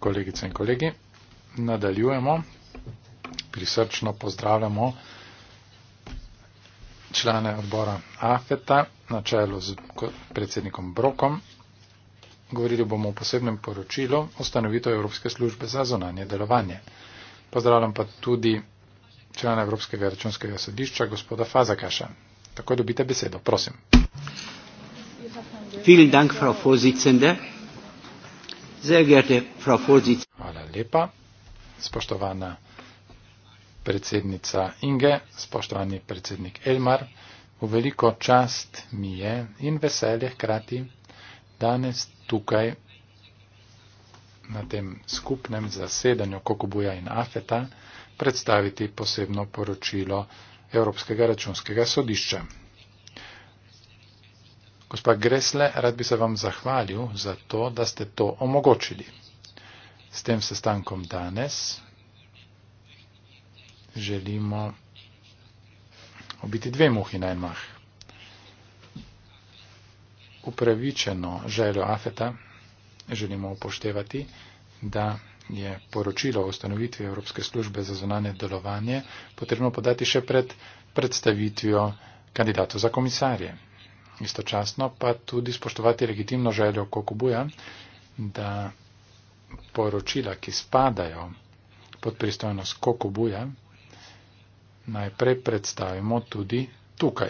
Kolegice in kolegi, nadaljujemo. Prisrčno pozdravljamo člane odbora AFETA na čelu z predsednikom Brokom. Govorili bomo o posebnem poročilu ustanovitev Evropske službe za zonanje delovanje. Pozdravljam pa tudi člana Evropskega računskega sodišča, gospoda Fazakaša. Tako dobite besedo, prosim. Hvala lepa, spoštovana predsednica Inge, spoštovani predsednik Elmar. V veliko čast mi je in veselje hkrati danes tukaj na tem skupnem zasedanju Kokobuja in Afeta predstaviti posebno poročilo Evropskega računskega sodišča. Gospa Gresle, rad bi se vam zahvalil za to, da ste to omogočili. S tem sestankom danes želimo obiti dve muhi najmah. Upravičeno željo Afeta želimo upoštevati, da je poročilo o ustanovitvi Evropske službe za zonanje delovanje potrebno podati še pred predstavitvijo kandidatov za komisarje istočasno pa tudi spoštovati legitimno željo Kokubuja, da poročila, ki spadajo pod pristojnost Kokubuja, najprej predstavimo tudi tukaj.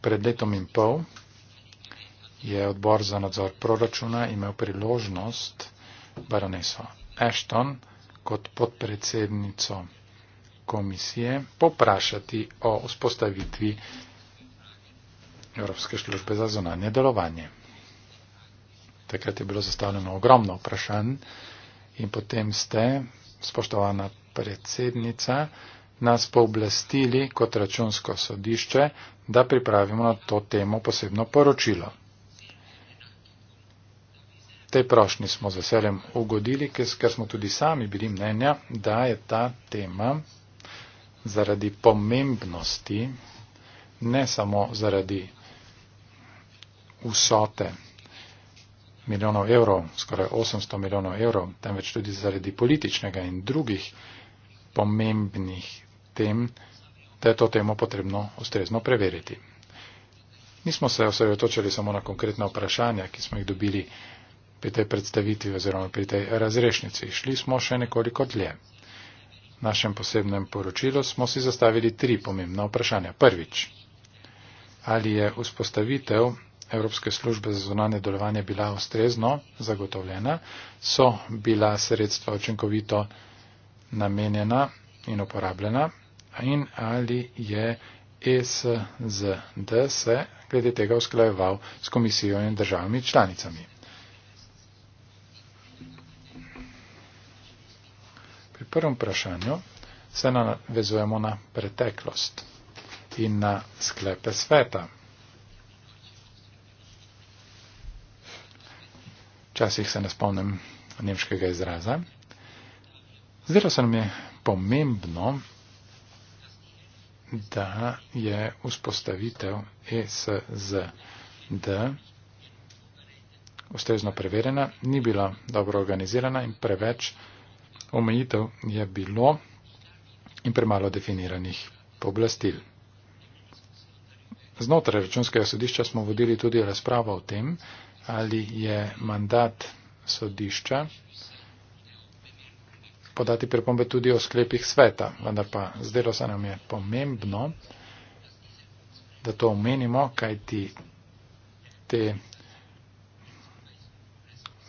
Pred letom in pol je odbor za nadzor proračuna imel priložnost baroneso Ashton kot podpredsednico komisije poprašati o vzpostavitvi Evropske službe za zonanje delovanje. Takrat je bilo zastavljeno ogromno vprašanj in potem ste, spoštovana predsednica, nas pooblastili kot računsko sodišče, da pripravimo na to temo posebno poročilo. Tej prošnji smo z veseljem ugodili, ker smo tudi sami bili mnenja, da je ta tema zaradi pomembnosti, ne samo zaradi vsote milijonov evrov, skoraj 800 milijonov evrov, temveč tudi zaradi političnega in drugih pomembnih tem, da je to temo potrebno ustrezno preveriti. Nismo se osredotočili samo na konkretna vprašanja, ki smo jih dobili pri tej predstavitvi oziroma pri tej razrešnici. Šli smo še nekoliko dlje našem posebnem poročilu smo si zastavili tri pomembna vprašanja. Prvič, ali je vzpostavitev Evropske službe za zunanje delovanje bila ustrezno zagotovljena, so bila sredstva očinkovito namenjena in uporabljena in ali je ESZD se glede tega usklajeval s komisijo in državami članicami. prvem vprašanju se navezujemo na preteklost in na sklepe sveta. Včasih se ne spomnim nemškega izraza. Zdelo se nam je pomembno, da je vzpostavitev ESZD ustrezno preverjena, ni bila dobro organizirana in preveč omejitev je bilo in premalo definiranih pooblastil. Znotraj računskega sodišča smo vodili tudi razpravo o tem, ali je mandat sodišča podati pripombe tudi o sklepih sveta, vendar pa zdelo se nam je pomembno, da to omenimo, kajti te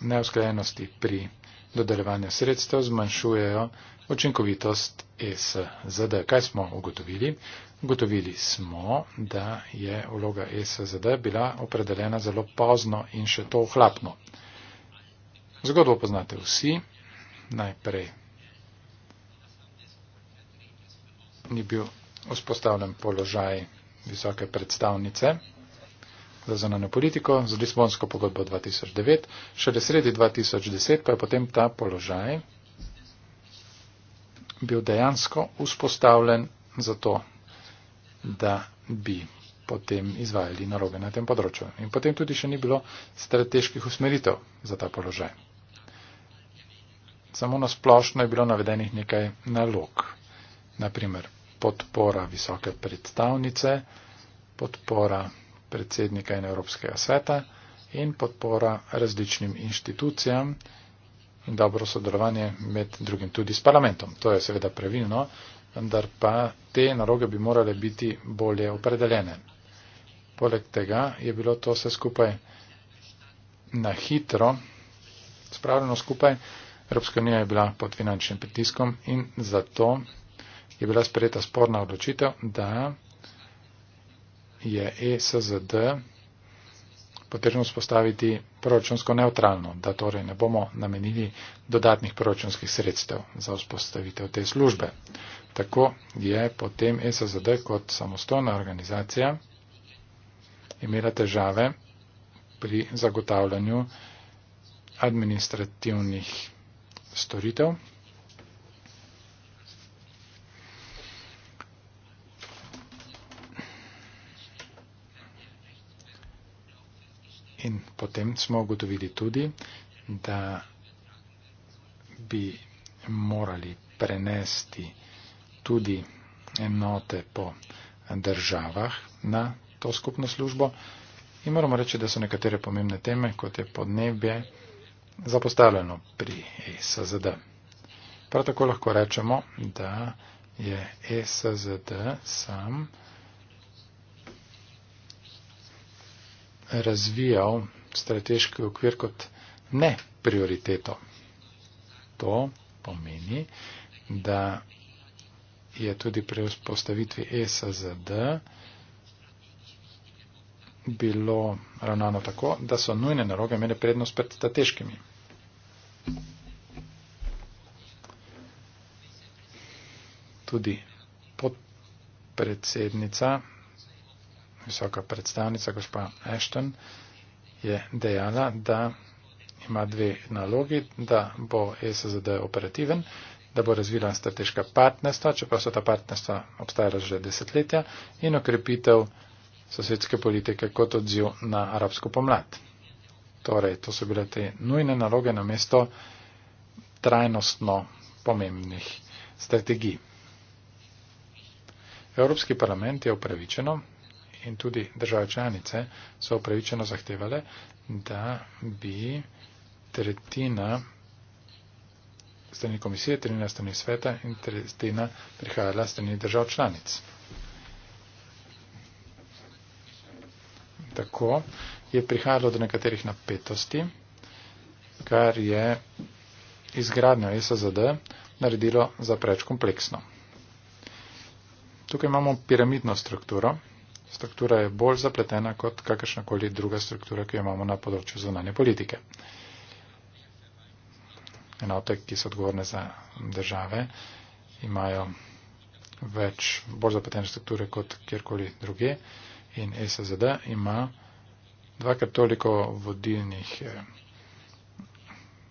neusklajenosti pri dodeljevanja sredstev zmanjšujejo učinkovitost ESZD. Kaj smo ugotovili? Ugotovili smo, da je vloga ESZD bila opredeljena zelo pozno in še to ohlapno. Zgodbo poznate vsi. Najprej ni bil vzpostavljen položaj visoke predstavnice za zunanjo politiko, z Lisbonsko pogodbo 2009, šele sredi 2010 pa je potem ta položaj bil dejansko vzpostavljen za to, da bi potem izvajali naroge na tem področju. In potem tudi še ni bilo strateških usmeritev za ta položaj. Samo na splošno je bilo navedenih nekaj nalog. Naprimer, podpora visoke predstavnice, podpora predsednika in Evropskega sveta in podpora različnim inštitucijam in dobro sodelovanje med drugim tudi s parlamentom. To je seveda pravilno, vendar pa te naloge bi morale biti bolje opredeljene. Poleg tega je bilo to vse skupaj na hitro spravljeno skupaj. Evropska unija je bila pod finančnim pritiskom in zato je bila sprejeta sporna odločitev, da je ESZD potrebno spostaviti proračunsko neutralno, da torej ne bomo namenili dodatnih proračunskih sredstev za vzpostavitev te službe. Tako je potem ESZD kot samostojna organizacija imela težave pri zagotavljanju administrativnih storitev. in potem smo ugotovili tudi, da bi morali prenesti tudi enote po državah na to skupno službo. In moramo reči, da so nekatere pomembne teme, kot je podnebje, zapostavljeno pri e SZD. Prav tako lahko rečemo, da je e SZD sam razvijal strateški okvir kot ne prioriteto. To pomeni, da je tudi pri vzpostavitvi e SZD bilo ravnano tako, da so nujne naroge imele prednost pred strateškimi. Tudi podpredsednica visoka predstavnica, gospa Ashton, je dejala, da ima dve nalogi, da bo SZD operativen, da bo razvila strateška partnerstva, čeprav so ta partnerstva obstajala že desetletja, in okrepitev sosedske politike kot odziv na arabsko pomlad. Torej, to so bile te nujne naloge na mesto trajnostno pomembnih strategij. Evropski parlament je upravičeno in tudi države članice so upravičeno zahtevale, da bi tretjina strani komisije, tretjina strani sveta in tretjina prihajala strani držav članic. Tako je prihajalo do nekaterih napetosti, kar je izgradnjo SZD naredilo za preč kompleksno. Tukaj imamo piramidno strukturo struktura je bolj zapletena kot kakršnakoli druga struktura, ki jo imamo na področju zunanje politike. Enote, ki so odgovorne za države, imajo več, bolj zapletene strukture kot kjerkoli druge in SSD ima dvakrat toliko vodilnih eh,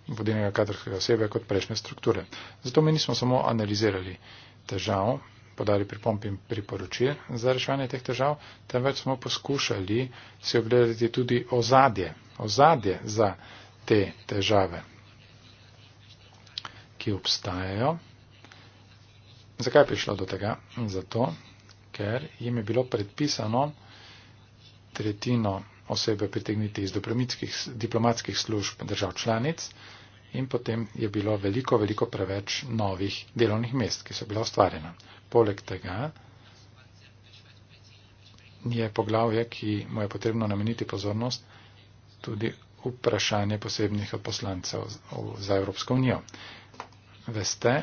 vodilnega kadrovskega osebe kot prejšnje strukture. Zato mi nismo samo analizirali težav, podali pripomp in priporočil za reševanje teh težav, temveč smo poskušali si ogledati tudi ozadje, ozadje za te težave, ki obstajajo. Zakaj je prišlo do tega? Zato, ker jim je bilo predpisano tretjino osebe pritegniti iz diplomatskih služb držav članic in potem je bilo veliko, veliko preveč novih delovnih mest, ki so bila ustvarjena. Poleg tega je poglavje, ki mu je potrebno nameniti pozornost, tudi vprašanje posebnih odposlancev za Evropsko unijo. Veste,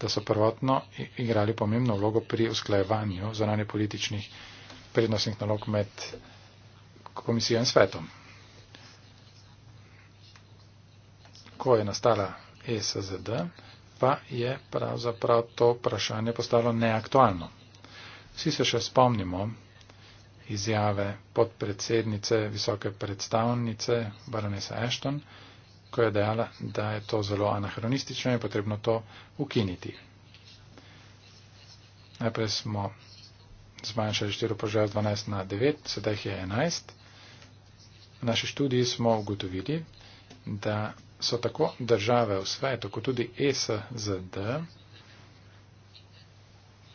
da so prvotno igrali pomembno vlogo pri usklajevanju zonanje političnih prednostnih nalog med komisijo in svetom. Ko je nastala ESZD, pa je pravzaprav to vprašanje postalo neaktualno. Vsi se še spomnimo izjave podpredsednice visoke predstavnice Baronesa Ashton, ko je dejala, da je to zelo anahronistično in je potrebno to ukiniti. Najprej smo zmanjšali štiri požar z 12 na 9, sedaj jih je 11. V naši študiji smo ugotovili, da so tako države v svetu, kot tudi e SZD,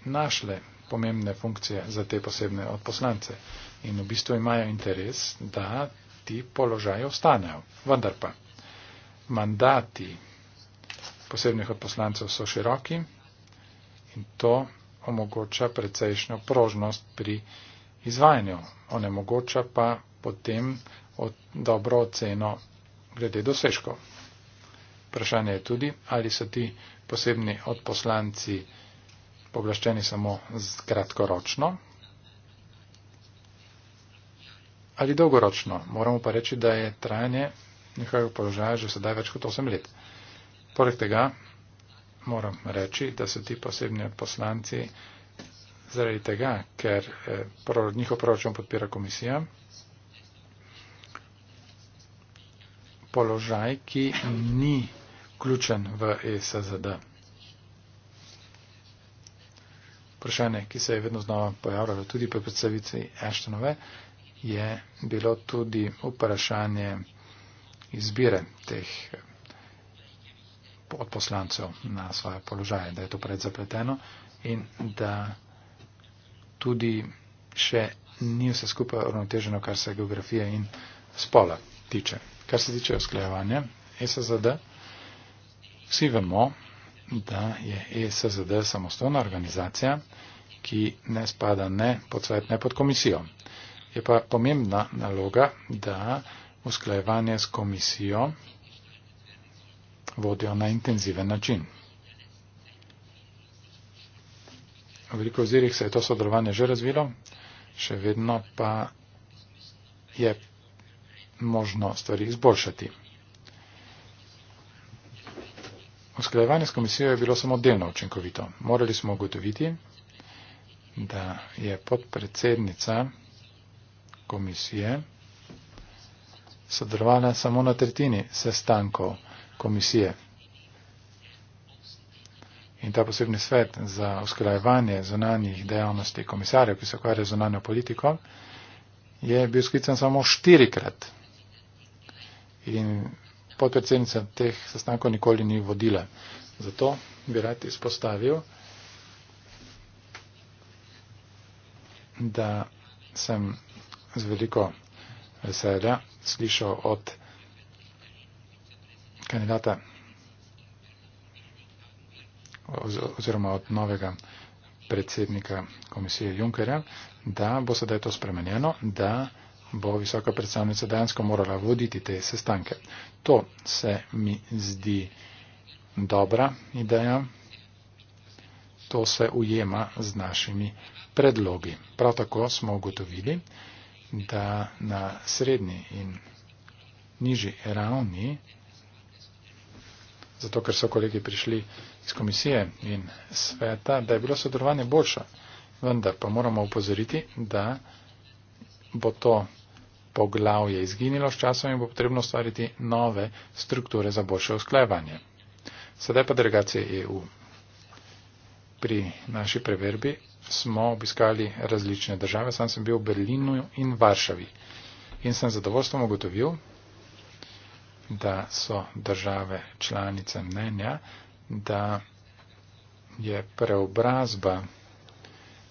našle pomembne funkcije za te posebne odposlance. In v bistvu imajo interes, da ti položaji ostanejo. Vendar pa mandati posebnih odposlancev so široki in to omogoča precejšnjo prožnost pri izvajanju. Onemogoča pa potem od dobro oceno glede dosežkov. Vprašanje je tudi, ali so ti posebni odposlanci poblaščeni samo kratkoročno ali dolgoročno. Moramo pa reči, da je trajanje njihovega položaja že sedaj več kot 8 let. Poleg tega moram reči, da so ti posebni odposlanci zaradi tega, ker eh, njihov proračun podpira komisija, položaj, ki ni vključen v ESZD. Vprašanje, ki se je vedno znova pojavljalo tudi pri predstavitvi Ashtonove, je bilo tudi vprašanje izbire teh od poslancev na svoje položaje, da je to pred zapleteno in da tudi še ni vse skupaj uravnoteženo, kar se geografije in spola tiče. Kar se tiče usklajevanja, e SSD. Vsi vemo, da je ESZD samostojna organizacija, ki ne spada ne pod svet, ne pod komisijo. Je pa pomembna naloga, da usklajevanje s komisijo vodijo na intenziven način. V veliko ozirih se je to sodelovanje že razvilo, še vedno pa je možno stvari izboljšati. Usklajevanje s komisijo je bilo samo delno učinkovito. Morali smo ugotoviti, da je podpredsednica komisije sodelovala samo na tretjini sestankov komisije. In ta posebni svet za usklajevanje zunanjih dejavnosti komisarjev, ki se ukvarja z zunanjo politiko, je bil sklican samo štirikrat. In podpredsednica teh sestankov nikoli ni vodila. Zato bi rad izpostavil, da sem z veliko veselja slišal od kandidata oziroma od novega predsednika komisije Junkerja, da bo sedaj to spremenjeno, da bo visoka predstavnica dejansko morala voditi te sestanke. To se mi zdi dobra ideja. To se ujema z našimi predlogi. Prav tako smo ugotovili, da na srednji in nižji ravni, zato ker so kolegi prišli iz komisije in sveta, da je bilo sodelovanje boljše. Vendar pa moramo upozoriti, da bo to poglavje izginilo s časom in bo potrebno ustvariti nove strukture za boljše usklajevanje. Sedaj pa delegacije EU. Pri naši preverbi smo obiskali različne države, sam sem bil v Berlinu in Varšavi in sem zadovoljstvom ugotovil, da so države članice mnenja, da je preobrazba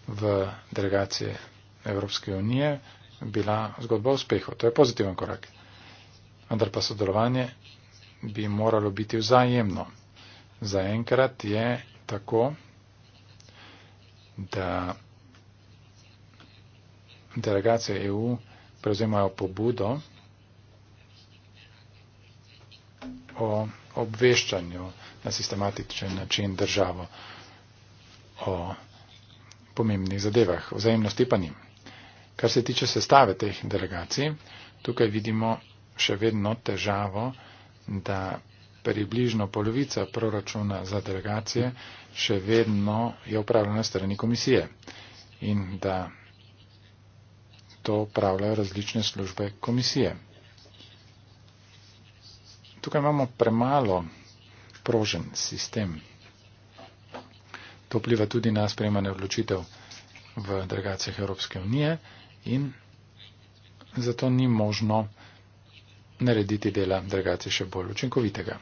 v delegacije Evropske unije bila zgodba o uspehu. To je pozitiven korak. Vendar pa sodelovanje bi moralo biti vzajemno. Zaenkrat je tako, da delegacije EU prevzemajo pobudo o obveščanju na sistematičen način državo o pomembnih zadevah. Vzajemnosti pa nim. Kar se tiče sestave teh delegacij, tukaj vidimo še vedno težavo, da približno polovica proračuna za delegacije še vedno je upravljena strani komisije in da to upravljajo različne službe komisije. Tukaj imamo premalo prožen sistem. To pliva tudi na sprejemanje odločitev v delegacijah Evropske unije in zato ni možno narediti dela drugače še bolj učinkovitega.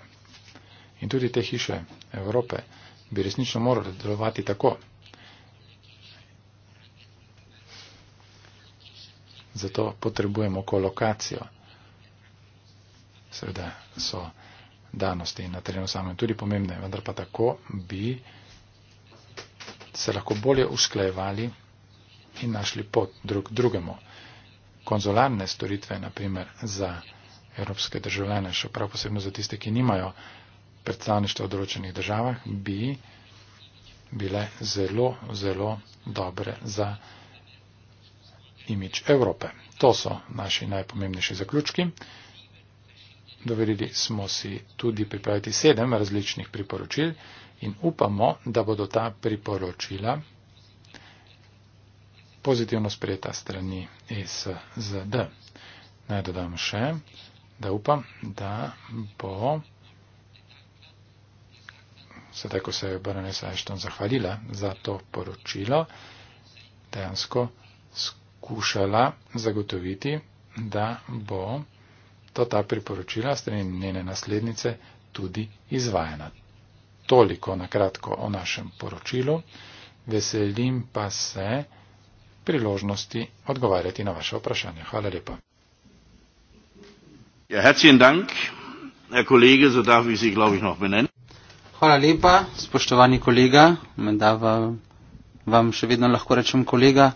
In tudi te hiše Evrope bi resnično morali delovati tako. Zato potrebujemo kolokacijo. Seveda so danosti na terenu samem tudi pomembne, vendar pa tako bi se lahko bolje usklajevali in našli pot drug drugemu. Konzularne storitve, naprimer, za evropske državljane, še prav posebno za tiste, ki nimajo predstavništva v določenih državah, bi bile zelo, zelo dobre za imič Evrope. To so naši najpomembnejši zaključki. Doverili smo si tudi pripraviti sedem različnih priporočil in upamo, da bodo ta priporočila pozitivno sprejeta strani SZD. Naj dodam še, da upam, da bo sedaj, ko se je baronesa Ashton zahvalila za to poročilo, dejansko skušala zagotoviti, da bo to ta priporočila strani njene naslednice tudi izvajena. Toliko na kratko o našem poročilu. Veselim pa se, priložnosti odgovarjati na vaše vprašanje. Hvala lepa. Ja, herzlichen Dank, Herr Kollege, so darf ich Sie, glaube ich, noch benennen. Hvala lepa, spoštovani kolega, menda vam še vedno lahko rečem kolega.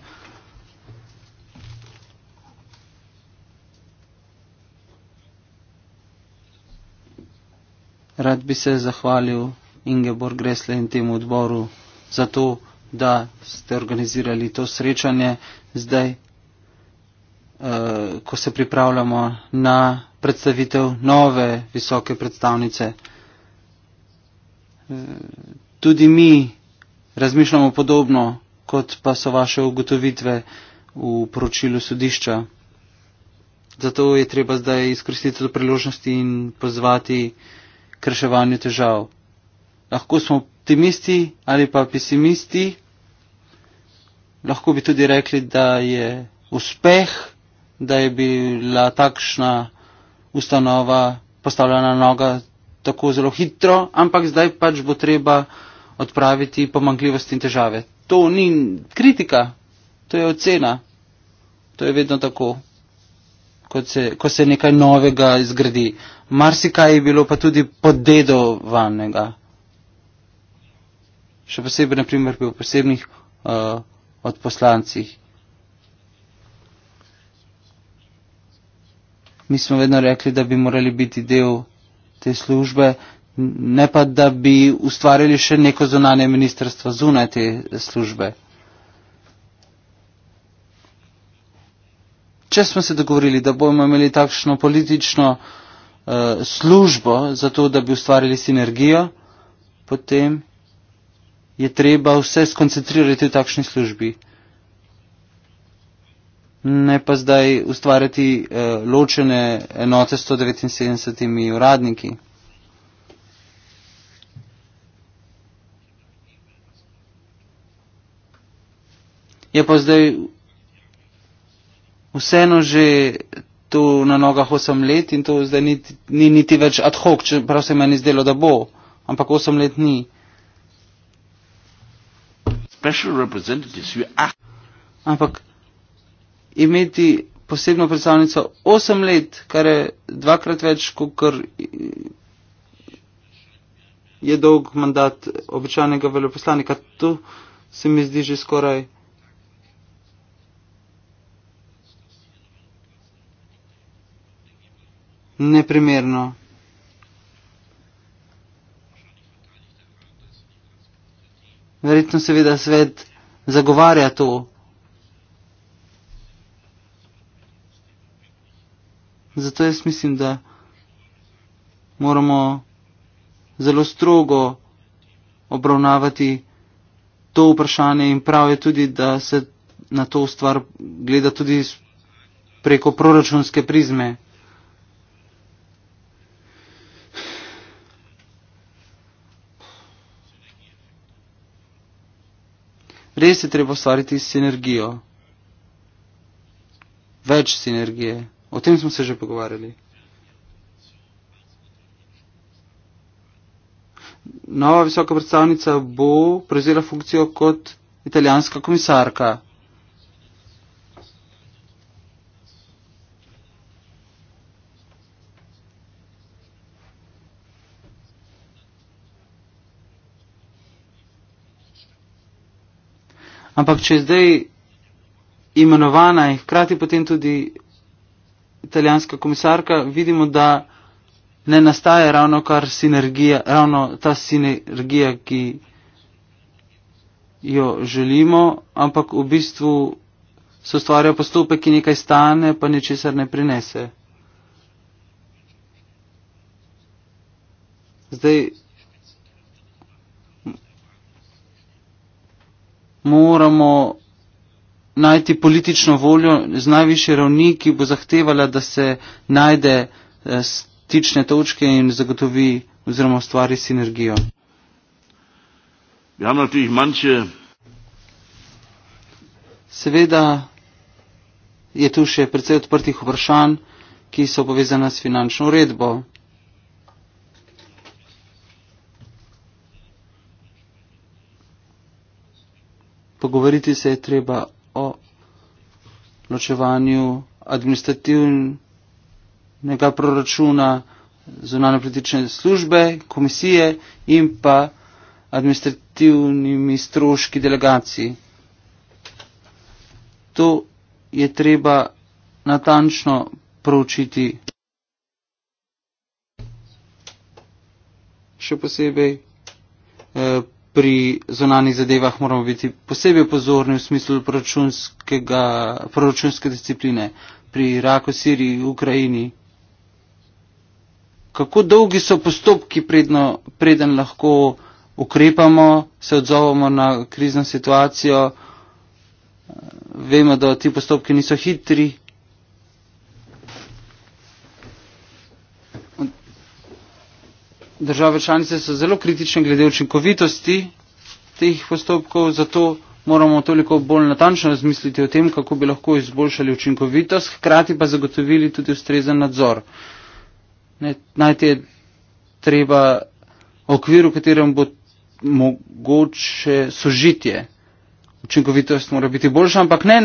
Rad bi se zahvalil Ingeborg Gresle in temu odboru za to, da ste organizirali to srečanje zdaj, eh, ko se pripravljamo na predstavitev nove visoke predstavnice. Eh, tudi mi razmišljamo podobno, kot pa so vaše ugotovitve v poročilu sodišča. Zato je treba zdaj izkoristiti to priložnost in pozvati k reševanju težav. Lahko smo optimisti ali pa pesimisti lahko bi tudi rekli, da je uspeh, da je bila takšna ustanova postavljena na noga tako zelo hitro, ampak zdaj pač bo treba odpraviti pomankljivosti in težave. To ni kritika, to je ocena. To je vedno tako, se, ko se nekaj novega izgradi. Marsikaj je bilo pa tudi podedovanega. Še posebej, naprimer, pri posebnih uh, od poslancih. Mi smo vedno rekli, da bi morali biti del te službe, ne pa, da bi ustvarili še neko zunanje ministrstvo zunaj te službe. Če smo se dogovorili, da bomo imeli takšno politično uh, službo, zato da bi ustvarili sinergijo, potem je treba vse skoncentrirati v takšni službi. Ne pa zdaj ustvarjati eh, ločene enote s 179 uradniki. Je pa zdaj vseeno že tu na nogah 8 let in to zdaj ni, ni niti več ad hoc, čeprav se meni zdelo, da bo, ampak 8 let ni. Ampak imeti posebno predstavnico 8 let, kar je dvakrat več, kot je dolg mandat običajnega veleposlanika, to se mi zdi že skoraj. Neprimerno. Verjetno seveda svet zagovarja to. Zato jaz mislim, da moramo zelo strogo obravnavati to vprašanje in prav je tudi, da se na to stvar gleda tudi preko proračunske prizme. Res je treba ustvariti sinergijo. Več sinergije. O tem smo se že pogovarjali. Nova visoka predstavnica bo prevzela funkcijo kot italijanska komisarka. Ampak če je zdaj imenovana in hkrati potem tudi italijanska komisarka, vidimo, da ne nastaja ravno, sinergija, ravno ta sinergija, ki jo želimo, ampak v bistvu se ustvarja postopek, ki nekaj stane, pa ničesar ne prinese. Zdaj, moramo najti politično voljo z najviše ravni, ki bo zahtevala, da se najde eh, stične točke in zagotovi oziroma ustvari sinergijo. Seveda je tu še precej odprtih vprašanj, ki so povezana s finančno uredbo. pogovoriti se je treba o ločevanju administrativnega proračuna zunanje politične službe, komisije in pa administrativnimi stroški delegacij. To je treba natančno proučiti. Še posebej eh, pri zonanih zadevah moramo biti posebej pozorni v smislu proračunske discipline, pri Iraku, Siriji, Ukrajini. Kako dolgi so postopki, predno, preden lahko ukrepamo, se odzovemo na krizno situacijo? Vemo, da ti postopki niso hitri. države članice so zelo kritične glede učinkovitosti teh postopkov, zato moramo toliko bolj natančno razmisliti o tem, kako bi lahko izboljšali učinkovitost, hkrati pa zagotovili tudi ustrezen nadzor. Najte treba okvir, v katerem bo mogoče sožitje. Učinkovitost mora biti boljša, ampak ne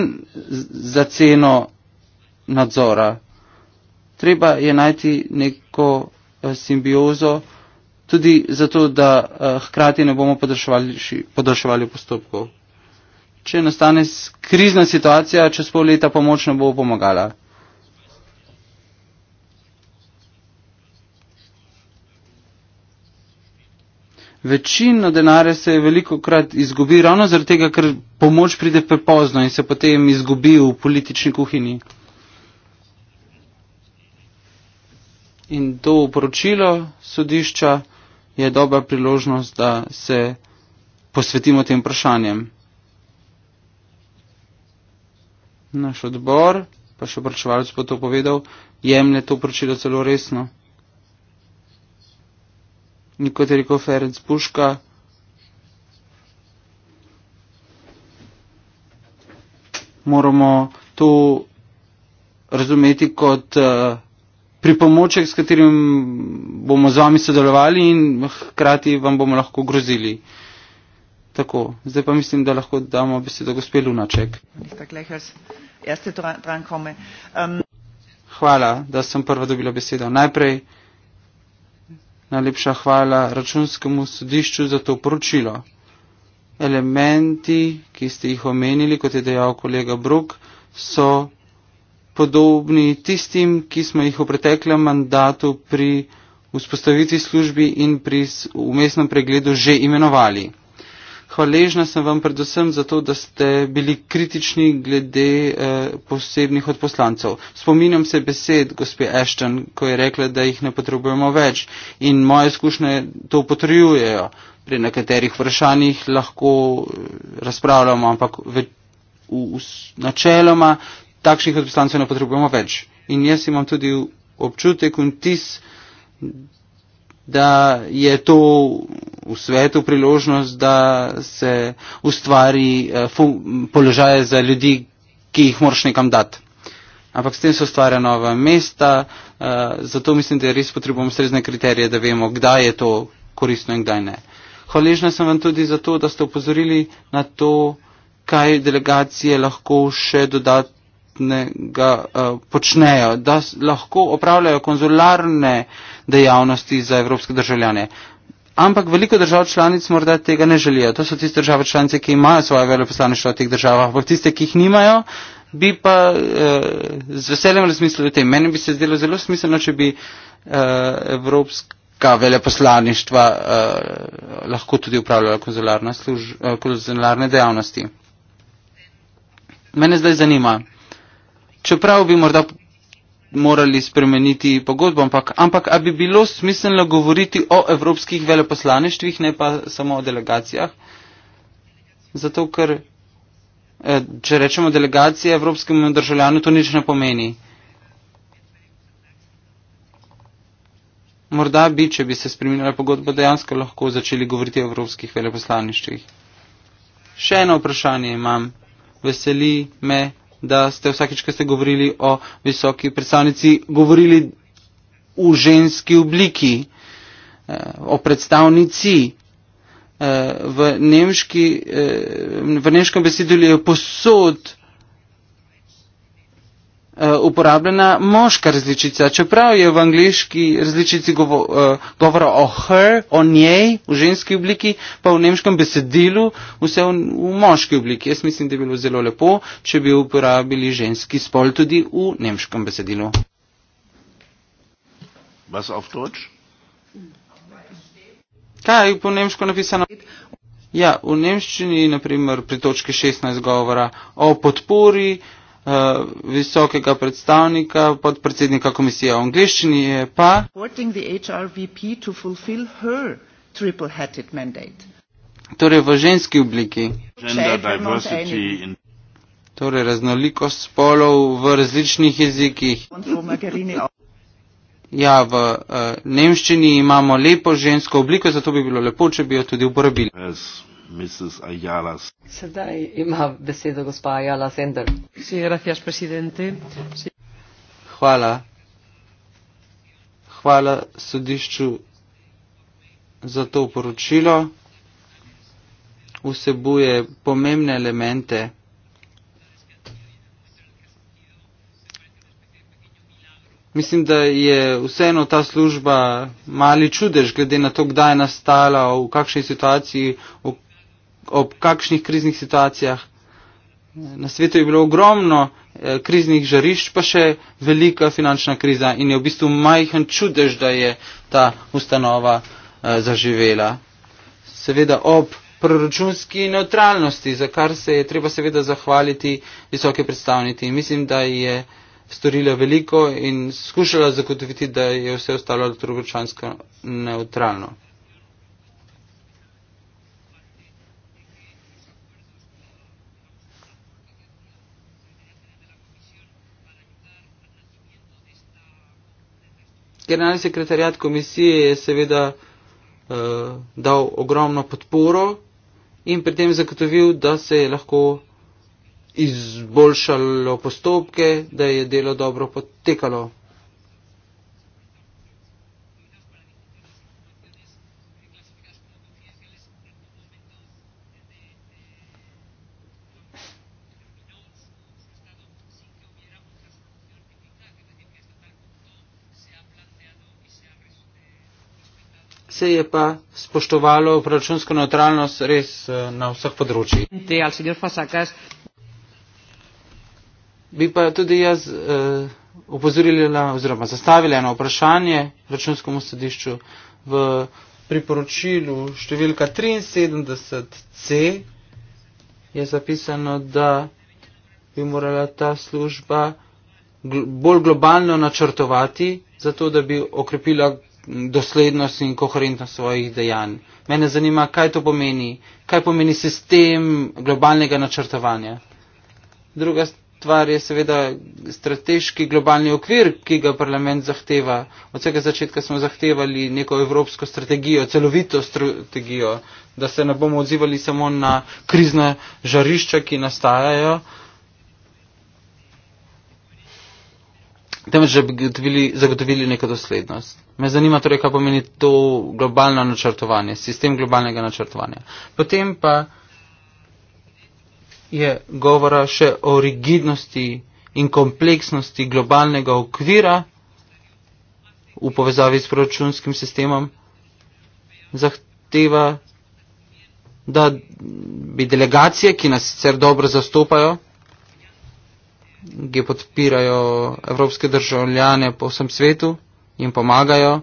za ceno nadzora. Treba je najti neko simbiozo, tudi zato, da eh, hkrati ne bomo podaljševali, podaljševali postopkov. Če nastane krizna situacija, čez pol leta pomoč ne bo pomagala. Večino denarja se veliko krat izgubi ravno zaradi tega, ker pomoč pride prepozno in se potem izgubi v politični kuhinji. In to v poročilo sodišča je dobra priložnost, da se posvetimo tem vprašanjem. Naš odbor, pa še vprašalec bo to povedal, jemlje to vprašilo celo resno. Nikot je rekel Ferenc Puška. Moramo to razumeti kot uh, pripomoček, s katerim bomo z vami sodelovali in hkrati vam bomo lahko grozili. Tako, zdaj pa mislim, da lahko damo besedo gospe Lunaček. Um, hvala, da sem prva dobila besedo. Najprej najlepša hvala računskemu sodišču za to poročilo. Elementi, ki ste jih omenili, kot je dejal kolega Bruk, so podobni tistim, ki smo jih v preteklem mandatu pri vzpostavitvi službi in pri umestnem pregledu že imenovali. Hvaležna sem vam predvsem zato, da ste bili kritični glede eh, posebnih odposlancev. Spominjam se besed gospe Ashton, ko je rekla, da jih ne potrebujemo več in moje izkušnje to potrjujejo. Pri nekaterih vprašanjih lahko eh, razpravljamo, ampak ve, v, v, načeloma takšnih odposlancev ne potrebujemo več. In jaz imam tudi občutek in tis, da je to v svetu priložnost, da se ustvari eh, položaje za ljudi, ki jih moraš nekam dati. Ampak s tem se ustvarja nova mesta, eh, zato mislim, da res potrebujemo srezne kriterije, da vemo, kdaj je to koristno in kdaj ne. Hvaležna sem vam tudi za to, da ste upozorili na to, kaj delegacije lahko še dodati trenutnega eh, počnejo, da lahko opravljajo konzularne dejavnosti za evropske državljane. Ampak veliko držav članic morda tega ne želijo. To so tiste države članice, ki imajo svoje veleposlaništvo v teh državah, ampak tiste, ki jih nimajo, bi pa eh, z veseljem razmislili o tem. Meni bi se zdelo zelo smiselno, če bi eh, evropska veleposlaništva eh, lahko tudi upravljala eh, konzularne dejavnosti. Mene zdaj zanima čeprav bi morda morali spremeniti pogodbo, ampak, ampak a bi bilo smiselno govoriti o evropskih veleposlaništvih, ne pa samo o delegacijah? Zato, ker, eh, če rečemo delegacije evropskemu državljanu, to nič ne pomeni. Morda bi, če bi se spremenila pogodba, dejansko lahko začeli govoriti o evropskih veleposlaništvih. Še eno vprašanje imam. Veseli me, da ste vsakič, ko ste govorili o visoki predstavnici, govorili v ženski obliki, eh, o predstavnici. Eh, v, nemški, eh, v nemškem besedilu je posod Eh, uporabljena moška različica, čeprav je v angliški različici eh, govora o her, o njej v ženski obliki, pa v nemškem besedilu vse v moški obliki. Jaz mislim, da bi bilo zelo lepo, če bi uporabili ženski spol tudi v nemškem besedilu. Was auf Deutsch? Kaj je po nemško napisano? Ja, v nemščini, naprimer pri točki 16 govora o podpori, Eh, visokega predstavnika, podpredsednika komisije o angliščini je pa. Torej v ženski obliki. Torej raznolikost spolov v različnih jezikih. Ja, v uh, nemščini imamo lepo žensko obliko, zato bi bilo lepo, če bi jo tudi uporabili. Mrs. Ayala. Sedaj ima besedo gospa Ayala Sender. Sí, gracias, presidente. Sí. Hvala. Hvala sodišču za to poročilo. Vsebuje pomembne elemente. Mislim, da je vseeno ta služba mali čudež, glede na to, kdaj je nastala, v kakšni situaciji, v ob kakšnih kriznih situacijah. Na svetu je bilo ogromno eh, kriznih žarišč, pa še velika finančna kriza in je v bistvu majhen čudež, da je ta ustanova eh, zaživela. Seveda ob proračunski neutralnosti, za kar se je treba seveda zahvaliti visoke predstavniki. Mislim, da je storila veliko in skušala zagotoviti, da je vse ostalo proračunsko neutralno. generalni sekretarjat komisije je seveda uh, dal ogromno podporo in pri tem zagotovil, da se je lahko izboljšalo postopke, da je delo dobro potekalo. se je pa spoštovalo proračunsko neutralnost res eh, na vseh področjih. Bi pa tudi jaz eh, upozorila oziroma zastavila eno vprašanje računskemu sodišču v priporočilu številka 73c. Je zapisano, da bi morala ta služba bolj globalno načrtovati, zato da bi okrepila doslednost in koherentnost svojih dejanj. Mene zanima, kaj to pomeni, kaj pomeni sistem globalnega načrtovanja. Druga stvar je seveda strateški globalni okvir, ki ga parlament zahteva. Od vsega začetka smo zahtevali neko evropsko strategijo, celovito strategijo, da se ne bomo odzivali samo na krizna žarišča, ki nastajajo. Uh, temveč da bi dobili, zagotovili neko doslednost. Me zanima torej, kaj pomeni to globalno načrtovanje, sistem globalnega načrtovanja. Potem pa je govora še o rigidnosti in kompleksnosti globalnega okvira v povezavi s proračunskim sistemom. Zahteva, da bi delegacije, ki nas sicer dobro zastopajo, ki podpirajo evropske državljane po vsem svetu, jim pomagajo.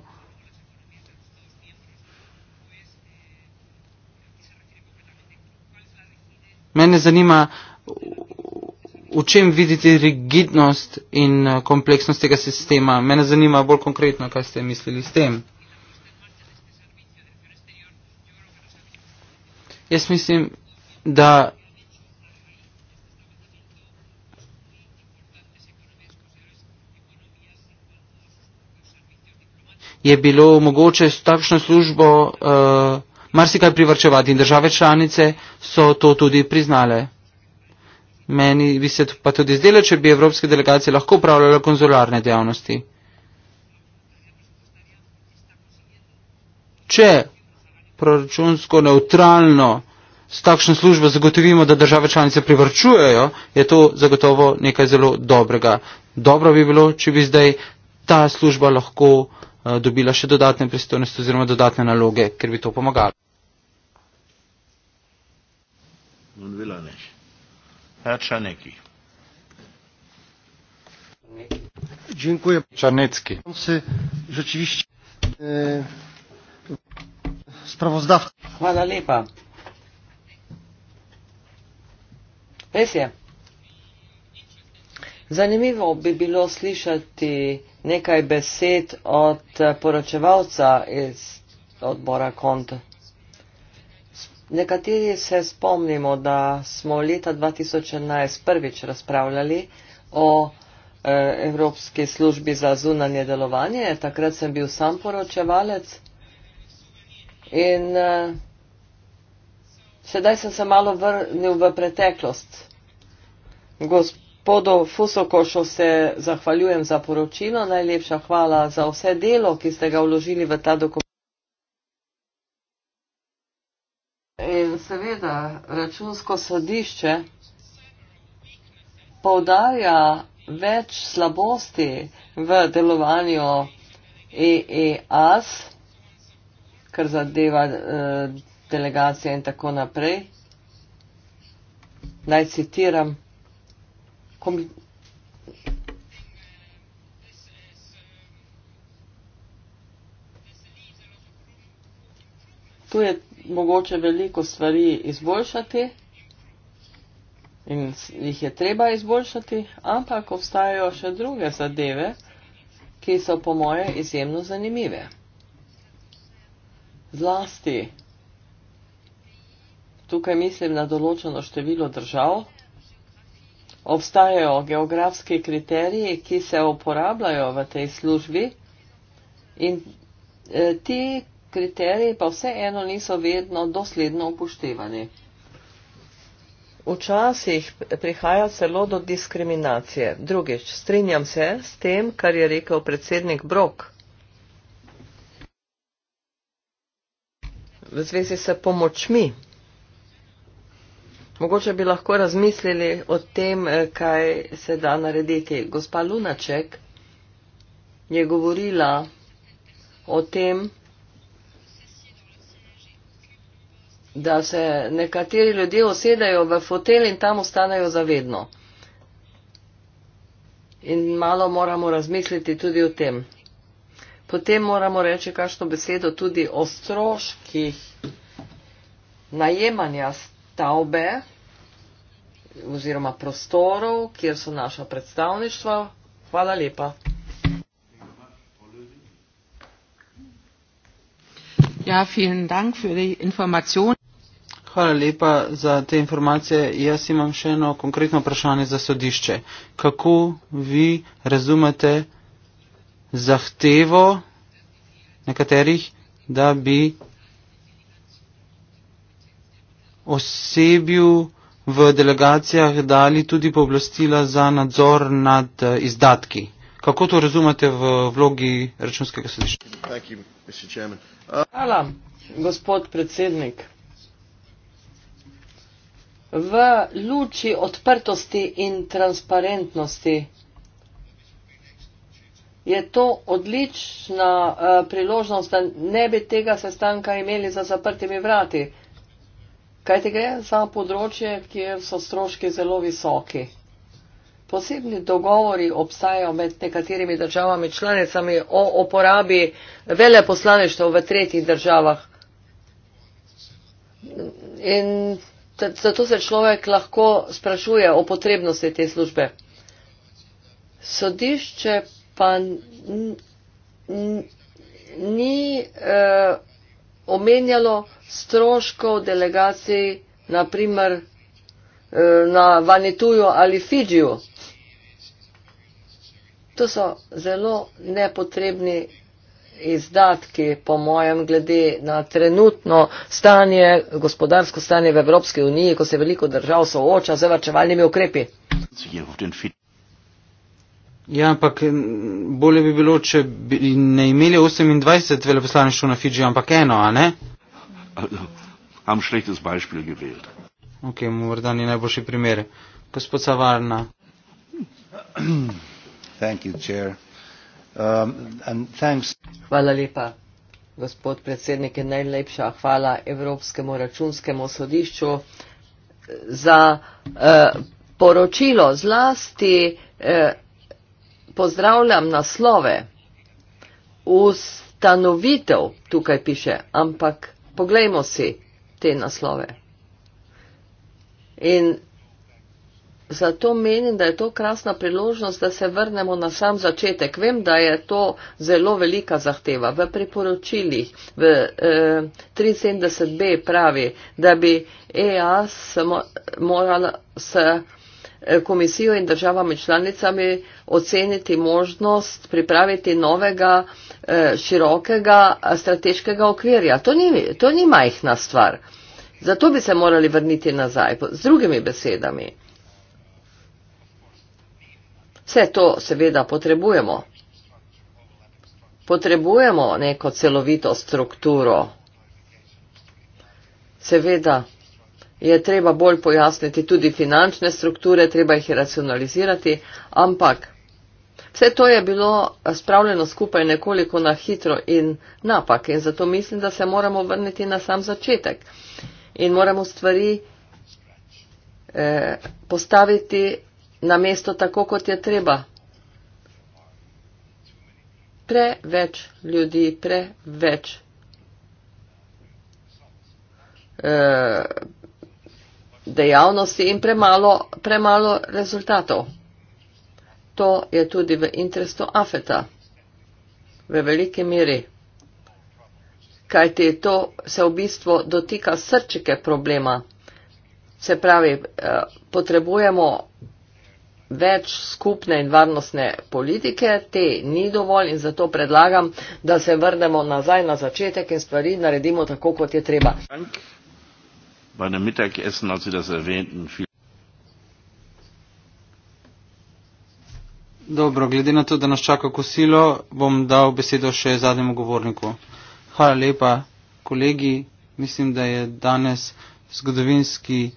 Mene zanima, v čem vidite rigidnost in eh, kompleksnost tega sistema. Mene zanima bolj konkretno, kaj ste mislili s tem. Jaz mislim, da je bilo mogoče s takšno službo uh, marsikaj privrčevati in države članice so to tudi priznale. Meni bi se pa tudi zdelo, če bi evropske delegacije lahko upravljale konzularne dejavnosti. Če proračunsko neutralno s takšno službo zagotovimo, da države članice privrčujejo, je to zagotovo nekaj zelo dobrega. Dobro bi bilo, če bi zdaj ta služba lahko Eh, dobila še dodatne pristojnosti oziroma dodatne naloge, ker bi to pomagalo. On vila neš. Hrča neki. Dziękuję. Czarnecki. Rzeczywiście. E, sprawozdawca. Chwala lepa. Pesja. Zanimivo by było słyszeć nekaj besed od poročevalca iz odbora KONT. Nekateri se spomnimo, da smo leta 2011 prvič razpravljali o e, Evropski službi za zunanje delovanje. Takrat sem bil sam poročevalec in e, sedaj sem se malo vrnil v preteklost. Gospod. Gospodu Fusokošu se zahvaljujem za poročilo. Najlepša hvala za vse delo, ki ste ga vložili v ta dokument. In seveda, računsko sodišče povdarja več slabosti v delovanju EEAS, kar zadeva eh, delegacije in tako naprej. Naj citiram. Kombi tu je mogoče veliko stvari izboljšati in jih je treba izboljšati, ampak obstajajo še druge zadeve, ki so po moje izjemno zanimive. Zlasti tukaj mislim na določeno število držav, obstajajo geografski kriteriji, ki se uporabljajo v tej službi in e, ti kriteriji pa vseeno niso vedno dosledno upoštevani. Včasih prihaja celo do diskriminacije. Drugič, strinjam se s tem, kar je rekel predsednik Brok. V zvezi s pomočmi, Mogoče bi lahko razmislili o tem, eh, kaj se da narediti. Gospa Lunaček je govorila o tem, da se nekateri ljudje osedajo v fotel in tam ostanejo zavedno. In malo moramo razmisliti tudi o tem. Potem moramo reči kakšno besedo tudi o stroških najemanja stroških stavbe oziroma prostorov, kjer so naša predstavništva. Hvala lepa. Ja, vielen Dank für die Information. Hvala lepa za te informacije. Jaz imam še eno konkretno vprašanje za sodišče. Kako vi razumete zahtevo nekaterih, da bi osebju v delegacijah dali tudi pooblastila za nadzor nad eh, izdatki. Kako to razumete v vlogi računskega sodišča? Hvala, gospod predsednik. V luči odprtosti in transparentnosti je to odlična eh, priložnost, da ne bi tega sestanka imeli za zaprtimi vrati kaj te gre za področje, kjer so stroški zelo visoki. Posebni dogovori obstajajo med nekaterimi državami članicami o uporabi veleposlaništev v tretjih državah. In zato se človek lahko sprašuje o potrebnosti te službe. Sodišče pa ni. Uh, omenjalo stroškov delegacij, naprimer na eh, Vanituju ali Fidžiju. To so zelo nepotrebni izdatki, po mojem, glede na trenutno stanje, gospodarsko stanje v Evropski uniji, ko se veliko držav sooča z vrčevalnimi ukrepi. Zdaj, Ja, ampak bolje bi bilo, če bi ne imeli 28 veleposlaništv na Fidži, ampak eno, a ne? Am schlechtes Beispiel gewählt. Ok, morda ni najboljši primer. Gospod Savarna. Thank you, chair. Um, and thanks. Hvala lepa. Gospod predsednik, najlepša hvala Evropskemu računskemu sodišču eh, za uh, poročilo zlasti uh, pozdravljam naslove, ustanovitev tukaj piše, ampak poglejmo si te naslove. In zato menim, da je to krasna priložnost, da se vrnemo na sam začetek. Vem, da je to zelo velika zahteva. V priporočilih v eh, 73b pravi, da bi EAS morala se komisijo in državami članicami oceniti možnost pripraviti novega eh, širokega strateškega okvirja. To ni, to ni majhna stvar. Zato bi se morali vrniti nazaj. Z drugimi besedami. Vse to seveda potrebujemo. Potrebujemo neko celovito strukturo. Seveda je treba bolj pojasniti tudi finančne strukture, treba jih racionalizirati, ampak vse to je bilo spravljeno skupaj nekoliko na hitro in napak in zato mislim, da se moramo vrniti na sam začetek in moramo stvari eh, postaviti na mesto tako, kot je treba. Preveč ljudi, preveč. Eh, dejavnosti in premalo, premalo rezultatov. To je tudi v interesu Afeta v veliki meri, kajti to se v bistvu dotika srčike problema. Se pravi, eh, potrebujemo več skupne in varnostne politike, te ni dovolj in zato predlagam, da se vrnemo nazaj na začetek in stvari naredimo tako, kot je treba. Thank bei einem Mittagessen, als Sie das erwähnten. Viel Dobro, glede na to, da nas čaka kosilo, bom dal besedo še zadnjemu govorniku. Hvala lepa, kolegi. Mislim, da je danes zgodovinski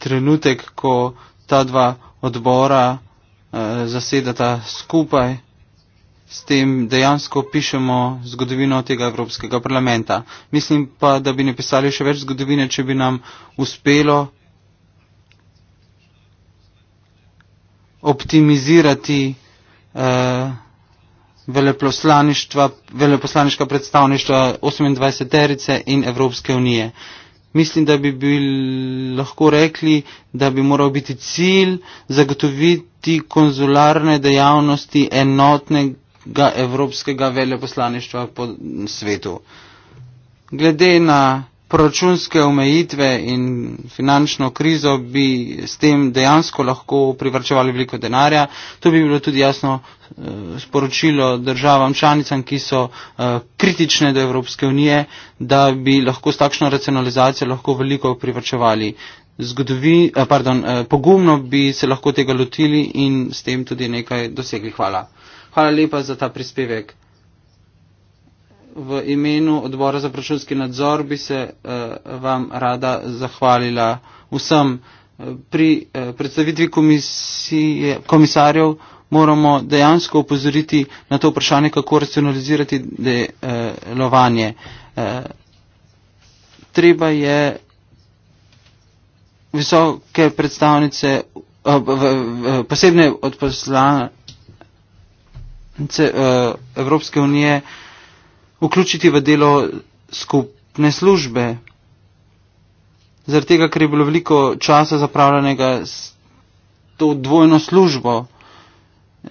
trenutek, ko ta dva odbora eh, zasedata skupaj s tem dejansko pišemo zgodovino tega Evropskega parlamenta. Mislim pa, da bi ne pisali še več zgodovine, če bi nam uspelo optimizirati eh, veleposlaništva, veleposlaniška predstavništva 28 terice in Evropske unije. Mislim, da bi bil, lahko rekli, da bi moral biti cilj zagotoviti konzularne dejavnosti enotnega ga evropskega veleposlaništva po svetu. Glede na proračunske omejitve in finančno krizo bi s tem dejansko lahko privrčevali veliko denarja. To bi bilo tudi jasno eh, sporočilo državam članicam, ki so eh, kritične do Evropske unije, da bi lahko s takšno racionalizacijo lahko veliko privrčevali. Eh, pardon, pogumno bi se lahko tega lotili in s tem tudi nekaj dosegli. Hvala. Hvala lepa za ta prispevek. V imenu odbora za proračunski nadzor bi se uh, vam rada zahvalila vsem. Eh, pri uh, predstavitvi komisije, komisarjev moramo dejansko upozoriti na to vprašanje, kako racionalizirati delovanje. Uh, treba je visoke predstavnice, uh, v, v, posebne odposlane, Eh, Evropske unije vključiti v delo skupne službe. Zaradi tega, ker je bilo veliko časa zapravljenega s to dvojno službo. Eh,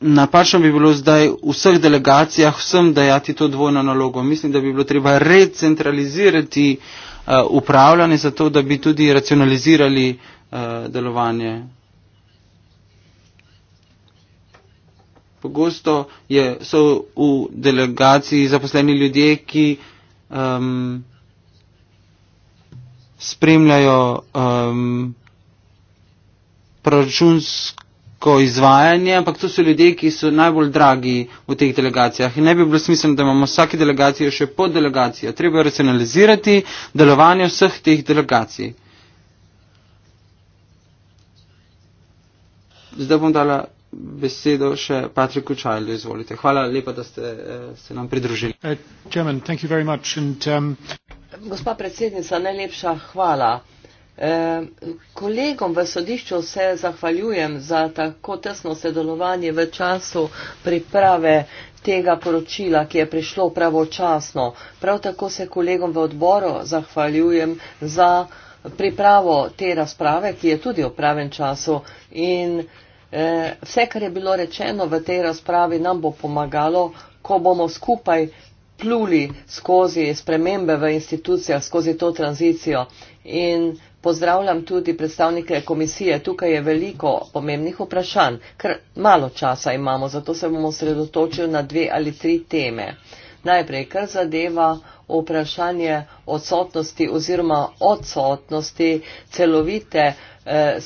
napačno bi bilo zdaj v vseh delegacijah vsem dajati to dvojno nalogo. Mislim, da bi bilo treba recentralizirati uh, Eh, upravljane za to, da bi tudi racionalizirali eh, delovanje. Pogosto je, so v delegaciji zaposleni ljudje, ki um, spremljajo um, proračunsko ko izvajanje, ampak to so ljudje, ki so najbolj dragi v teh delegacijah. In ne bi bilo smiselno, da imamo vsake delegacije še pod delegacijo. Treba je racionalizirati delovanje vseh teh delegacij. Zdaj bom dala besedo še Patriku Čajlju. Izvolite. Hvala lepa, da ste eh, se nam pridružili. Uh, German, And, um... Gospa predsednica, najlepša hvala. Kolegom v sodišču se zahvaljujem za tako tesno sodelovanje v času priprave tega poročila, ki je prišlo pravočasno. Prav tako se kolegom v odboru zahvaljujem za pripravo te razprave, ki je tudi v pravem času. In e, vse, kar je bilo rečeno v tej razpravi, nam bo pomagalo, ko bomo skupaj pluli skozi spremembe v institucijah, skozi to tranzicijo. In pozdravljam tudi predstavnike komisije. Tukaj je veliko pomembnih vprašanj, ker malo časa imamo, zato se bomo sredotočili na dve ali tri teme. Najprej, kar zadeva vprašanje odsotnosti oziroma odsotnosti celovite eh,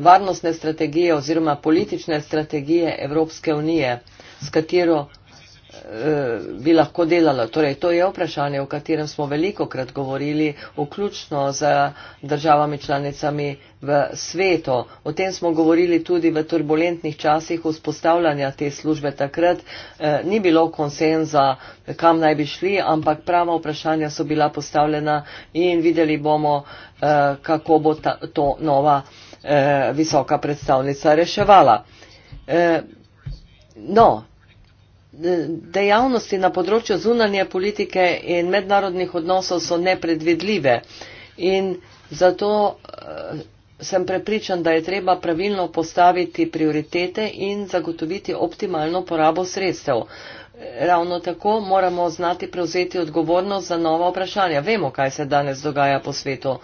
varnostne strategije oziroma politične strategije Evropske unije, s katero Eh, bi lahko delala. Torej, to je vprašanje, o katerem smo veliko krat govorili, vključno z državami članicami v svetu. O tem smo govorili tudi v turbulentnih časih vzpostavljanja te službe takrat. Eh, ni bilo konsenza, kam naj bi šli, ampak prava vprašanja so bila postavljena in videli bomo, eh, kako bo ta, to nova visoka predstavnica reševala. No, dejavnosti na področju zunanje politike in mednarodnih odnosov so nepredvidljive. In zato eh, sem prepričan, da je treba pravilno postaviti prioritete in zagotoviti optimalno porabo sredstev. Ravno tako moramo znati prevzeti odgovornost za nova vprašanja. Vemo, kaj se danes dogaja po svetu.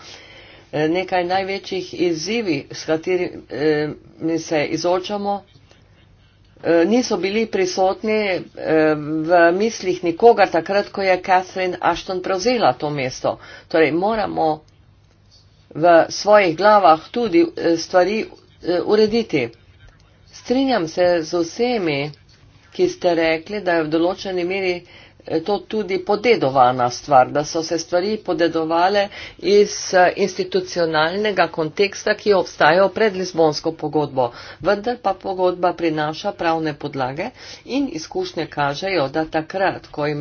Eh, nekaj največjih izzivi, s katerimi eh, se izočamo, Eh, niso bili prisotni eh, v mislih nikogar takrat, ko je Catherine Ashton prevzela to mesto. Torej, moramo v svojih glavah tudi eh, stvari urediti. Strinjam se z vsemi, ki ste rekli, da je v določeni meri to tudi podedovana stvar, da so se stvari podedovale iz eh, institucionalnega konteksta, ki obstaja pred Lizbonsko pogodbo. Vendar pa pogodba prinaša pravne podlage in izkušnje kažejo, da takrat, ko eh,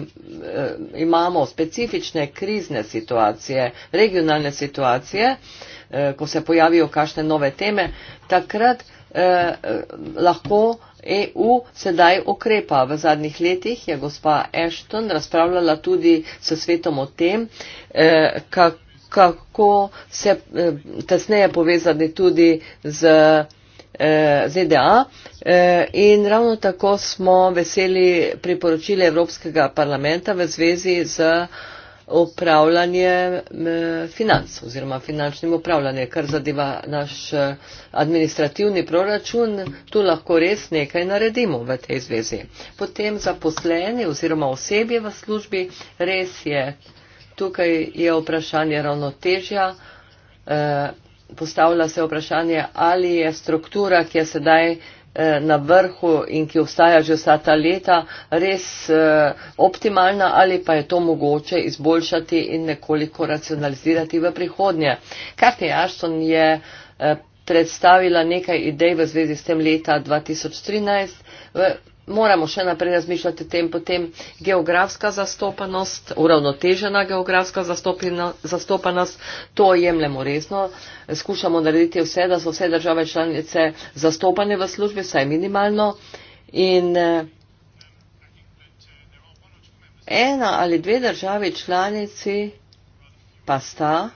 imamo specifične krizne situacije, regionalne situacije, eh, ko se pojavijo kašne nove teme, takrat eh, lahko EU sedaj okrepa. V zadnjih letih je gospa Ashton razpravljala tudi s svetom o tem, eh, kako se eh, tesneje povezati tudi z eh, ZDA in ravno tako smo veseli priporočile Evropskega parlamenta v zvezi z upravljanje financ oziroma finančnim upravljanje, kar zadeva naš eh, administrativni proračun, tu lahko res nekaj naredimo v tej zvezi. Potem zaposleni oziroma osebje v službi, res je, tukaj je vprašanje ravnotežja, eh, postavlja se vprašanje, ali je struktura, ki je sedaj Eh, na vrhu in ki obstaja že vsa ta leta, res eh, optimalna ali pa je to mogoče izboljšati in nekoliko racionalizirati v prihodnje. Kati Ashton je eh, predstavila nekaj idej v zvezi s tem leta 2013, moramo še naprej razmišljati o tem, potem geografska zastopanost, uravnotežena geografska zastopanost, to jemljemo resno, skušamo narediti vse, da so vse države članice zastopane v službi, saj minimalno. In eh, ena ali dve državi članici pa sta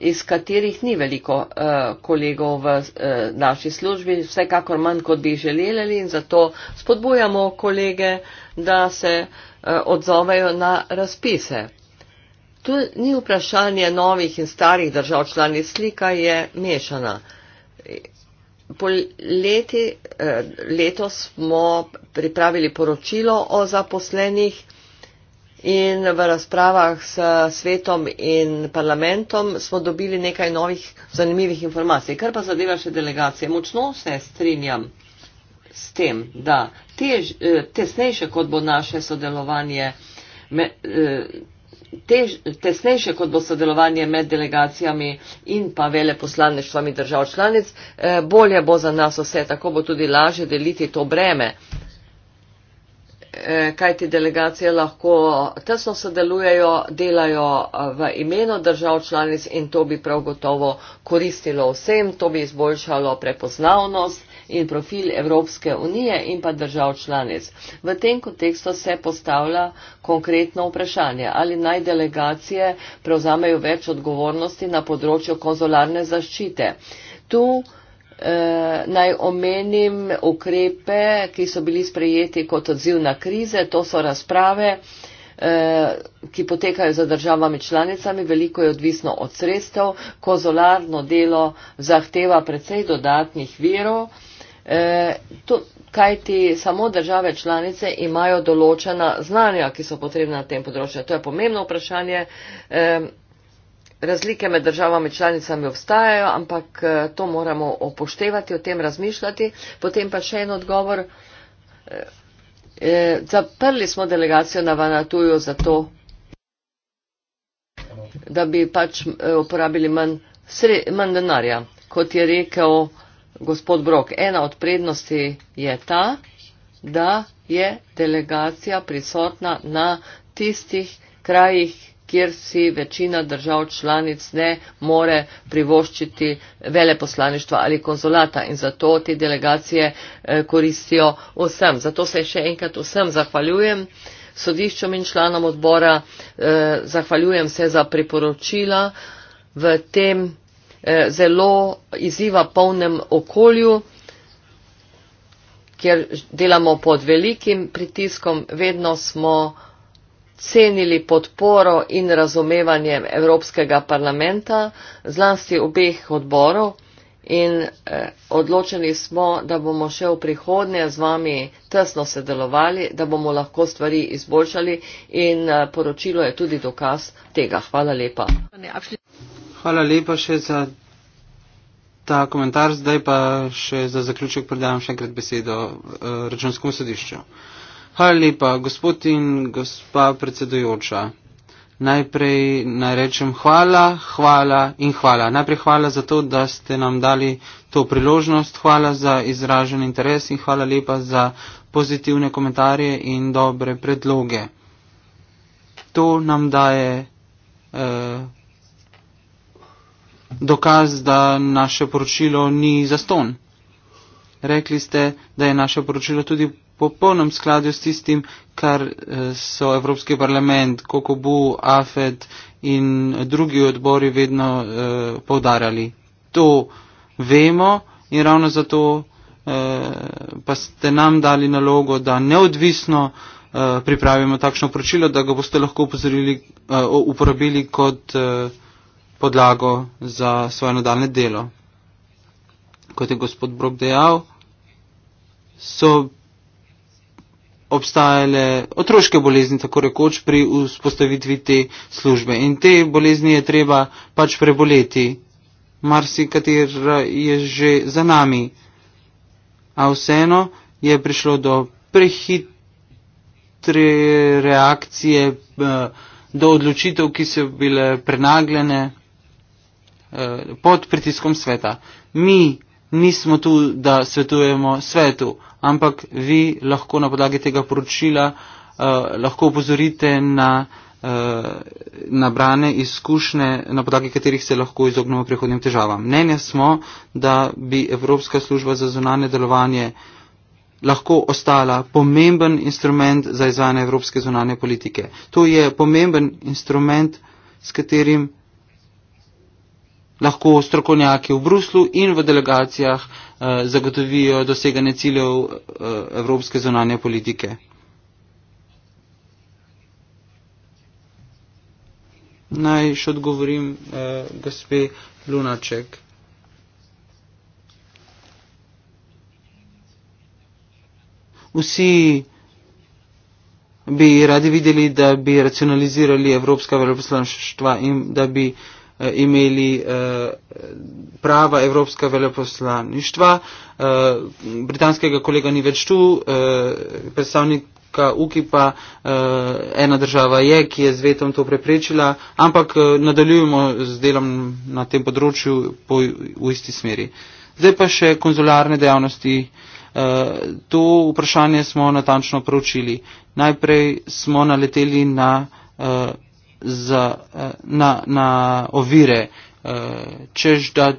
iz katerih ni veliko uh, kolegov v uh, naši službi, vsekakor manj, kot bi želeli in zato spodbujamo kolege, da se uh, odzovejo na razpise. Tu ni vprašanje novih in starih držav članic, slika je mešana. Leti, uh, letos smo pripravili poročilo o zaposlenih, in v razpravah s svetom in parlamentom smo dobili nekaj novih zanimivih informacij. Kar pa zadeva še delegacije, močno se strinjam s tem, da tež, eh, tesnejše kot bo naše sodelovanje. Me, eh, Tež, tesnejše kot bo sodelovanje med delegacijami in pa veleposlaništvami držav članic, eh, bolje bo za nas vse, tako bo tudi lažje deliti to breme. Eh, kajti delegacije lahko tesno sodelujejo, delajo eh, v imenu držav članic in to bi prav gotovo koristilo vsem, to bi izboljšalo prepoznavnost in profil Evropske unije in pa držav članic. V tem kontekstu se postavlja konkretno vprašanje, ali naj delegacije prevzamejo več odgovornosti na področju konzularne zaščite. Tu Uh, naj omenim ukrepe, ki so bili sprejeti kot odziv na krize. To so razprave, uh, ki potekajo za državami članicami. Veliko je odvisno od sredstev. Kozolarno delo zahteva precej dodatnih virov. Uh, to, kaj ti samo države članice imajo določena znanja, ki so potrebna na tem področju. To je pomembno vprašanje. Uh, Razlike med državami članicami obstajajo, ampak eh, to moramo opoštevati, o tem razmišljati. Potem pa še en odgovor. Eh, eh, zaprli smo delegacijo na Vanatuju zato, da bi pač uporabili manj, sre, manj denarja, kot je rekel gospod Brok. Ena od prednosti je ta, da je delegacija prisotna na tistih krajih, kjer si večina držav članic ne more privoščiti veleposlaništva ali konzulata in zato te delegacije eh, koristijo vsem. Zato se še enkrat vsem zahvaljujem sodiščom in članom odbora, eh, zahvaljujem se za priporočila v tem eh, zelo izziva polnem okolju, kjer delamo pod velikim pritiskom, vedno smo eh, cenili podporo in razumevanje Evropskega parlamenta, zlasti obeh odborov in eh, odločeni smo, da bomo še v prihodnje z vami tesno sedelovali, da bomo lahko stvari izboljšali in eh, poročilo je tudi dokaz tega. Hvala lepa. Hvala lepa še za ta komentar. Zdaj pa še za zaključek predajam še enkrat besedo eh, računskemu sodišču. Hvala lepa, gospod in gospa predsedujoča. Najprej narečem hvala, hvala in hvala. Najprej hvala za to, da ste nam dali to priložnost, hvala za izražen interes in hvala lepa za pozitivne komentarje in dobre predloge. To nam daje eh, dokaz, da naše poročilo ni zaston. Rekli ste, da je naše poročilo tudi popolnem skladju s tistim, kar eh, so Evropski parlament, KOKOBU, AFED in drugi odbori vedno eh, povdarjali. To vemo in ravno zato eh, pa ste nam dali nalogo, da neodvisno eh, pripravimo takšno pročilo, da ga boste lahko upozorili, eh, uporabili kot eh, podlago za svoje nadaljne delo. Kot je gospod Brok dejal, so obstajale otroške bolezni, tako rekoč, pri vzpostavitvi te službe. In te bolezni je treba pač preboleti. Marsi, katera je že za nami. A vseeno je prišlo do prehitre reakcije, eh, do odločitev, ki so bile prenagljene eh, pod pritiskom sveta. Mi nismo tu, da svetujemo svetu, ampak vi lahko na podlagi tega poročila uh, lahko upozorite na eh, nabrane izkušnje, na podlagi katerih se lahko izognemo prihodnim težavam. Mnenja smo, da bi Evropska služba za zunanje delovanje lahko ostala pomemben instrument za izvajanje evropske zunanje politike. To je pomemben instrument, s katerim lahko strokovnjaki v Bruslu in v delegacijah eh, zagotovijo doseganje ciljev eh, evropske zonanje politike. Naj še odgovorim, eh, gospe Lunaček. Vsi bi radi videli, da bi racionalizirali evropska veleposlaništva in da bi eh, Eh, imeli eh, prava evropska veleposlaništva. Eh, britanskega kolega ni več tu, predstavnik. UKIP-a ena država je, ki je z vetom to preprečila, ampak nadaljujemo z delom na tem področju po, v isti smeri. Zdaj pa še konzularne dejavnosti. To vprašanje smo natančno proučili. Najprej smo naleteli na z, eh, na, na ovire, eh, čež da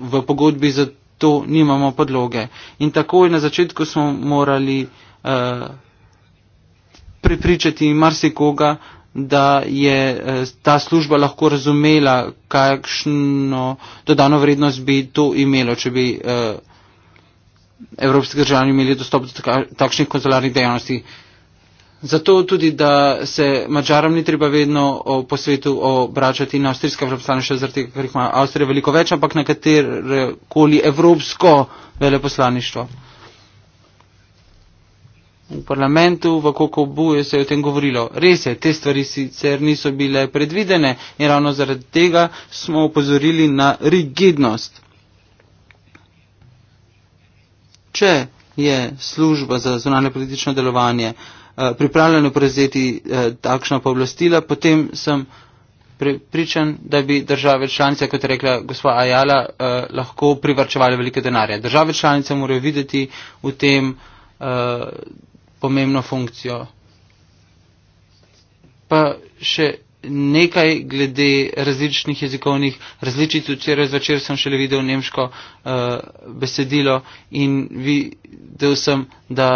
v pogodbi za to nimamo podloge. In tako je na začetku smo morali eh, pripričati marsikoga, da je ta služba lahko razumela, kakšno dodano vrednost bi to imelo, če bi evropski državljani imeli dostop do takšnih konzularnih dejavnosti. Zato tudi, da se mačaram ni treba vedno po svetu obračati na avstrijska veleposlaništva, zaradi tega, ker jih ima Avstrija veliko več, ampak na katero koli evropsko veleposlaništvo. V parlamentu, v Kokobuju se je o tem govorilo. Res je, te stvari sicer niso bile predvidene in ravno zaradi tega smo upozorili na rigidnost. Če je služba za zunanje politično delovanje Eh, pripravljeno prevzeti eh, takšno pooblastila, potem sem pripričan, da bi države članice, kot je rekla gospa Ajala, eh, lahko privrčevali velike denarje. Države članice morajo videti v tem pomembno funkcijo. Pa še nekaj glede različnih jezikovnih različic. Včeraj zvečer sem šele videl nemško uh, besedilo in videl sem, da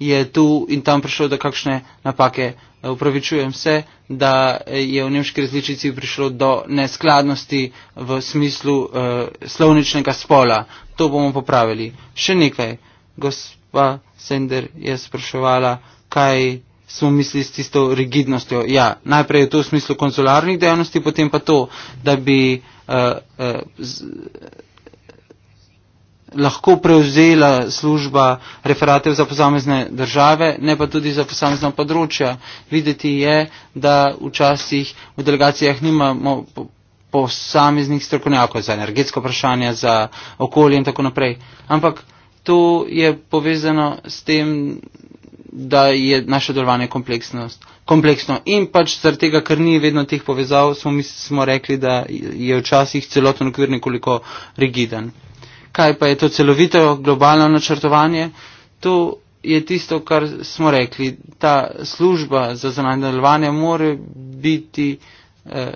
je tu in tam prišlo do kakšne napake. E, upravičujem se, da je v nemški različici prišlo do neskladnosti v smislu uh, slovničnega spola. To bomo popravili. Še nekaj. Gospa Sender je spraševala, kaj smo mislili s tisto rigidnostjo. Ja, najprej je to v smislu konzularnih dejavnosti, potem pa to, da bi. Uh, uh, z, lahko prevzela služba referatev za posamezne države, ne pa tudi za posamezna področja. Videti je, da včasih v delegacijah nimamo posameznih strokovnjakov za energetsko vprašanje, za okolje in tako naprej. Ampak to je povezano s tem, da je naše delovanje kompleksnost. Kompleksno. In pač zaradi tega, ker ni vedno teh povezav, smo, mi, smo rekli, da je včasih celoten okvir nekoliko rigiden. Kaj pa je to celovito globalno načrtovanje? To je tisto, kar smo rekli. Ta služba za zunanje delovanje more biti eh,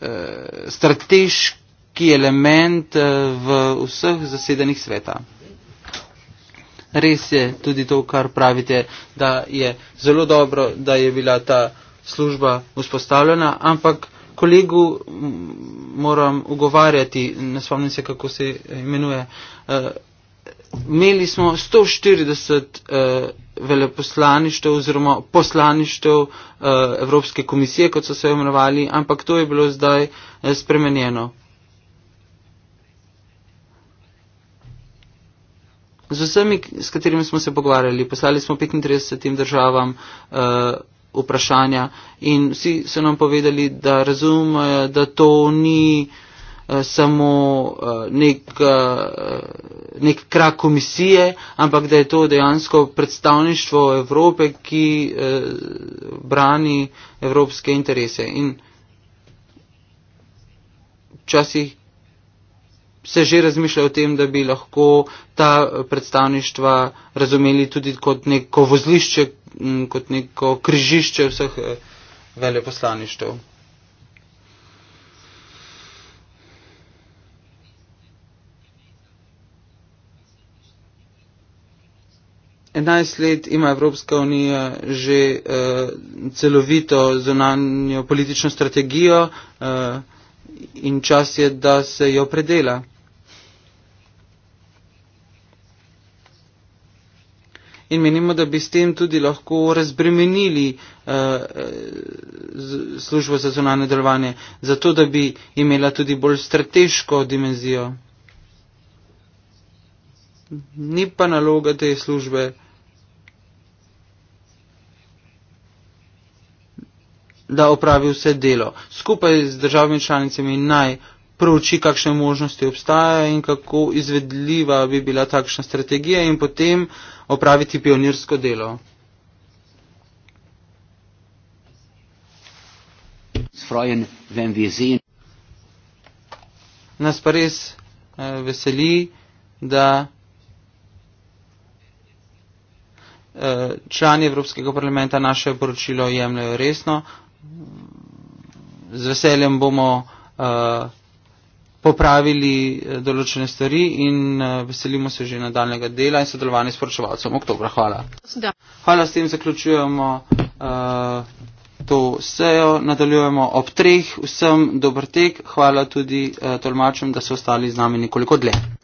eh, strateški element eh, v vseh zasedanjih sveta. Res je tudi to, kar pravite, da je zelo dobro, da je bila ta služba vzpostavljena, ampak kolegu moram ugovarjati, ne spomnim se, kako se imenuje. Eh, imeli smo 140 eh, veleposlaništev oziroma poslaništev eh, Evropske komisije, kot so se imenovali, ampak to je bilo zdaj spremenjeno. Z vsemi, s katerimi smo se pogovarjali, poslali smo 35 državam. Uh, vprašanja in vsi so nam povedali, da razumejo, da to ni eh, samo eh, nek, eh, nek krak komisije, ampak da je to dejansko predstavništvo Evrope, ki brani evropske interese. In včasih se že razmišlja o tem, da bi lahko ta eh, predstavništva razumeli tudi kot neko vozlišče, kot neko križišče vseh eh, veleposlaništev. Enajst let ima Evropska unija že uh, celovito zunanjo politično strategijo uh, in čas je, da se jo predela. in menimo, da bi s tem tudi lahko razbremenili eh, eh službo za zunanje delovanje, zato da bi imela tudi bolj strateško dimenzijo. Ni pa naloga te službe. da opravi vse delo. Skupaj z državami članicami naj prouči, kakšne možnosti obstajajo in kako izvedljiva bi bila takšna strategija in potem uh, opraviti pionirsko delo. Nas pa res eh, veseli, da eh, člani Evropskega parlamenta naše poročilo jemljajo resno. Z veseljem bomo eh, popravili eh, določene stvari in eh, veselimo se že nadaljnega dela in sodelovanja s poročevalcem oktobra. Hvala. Da. Hvala, s tem zaključujemo uh, to sejo. Nadaljujemo ob treh. Vsem dober tek. Hvala tudi uh, tolmačem, da so ostali z nami nekoliko dlje.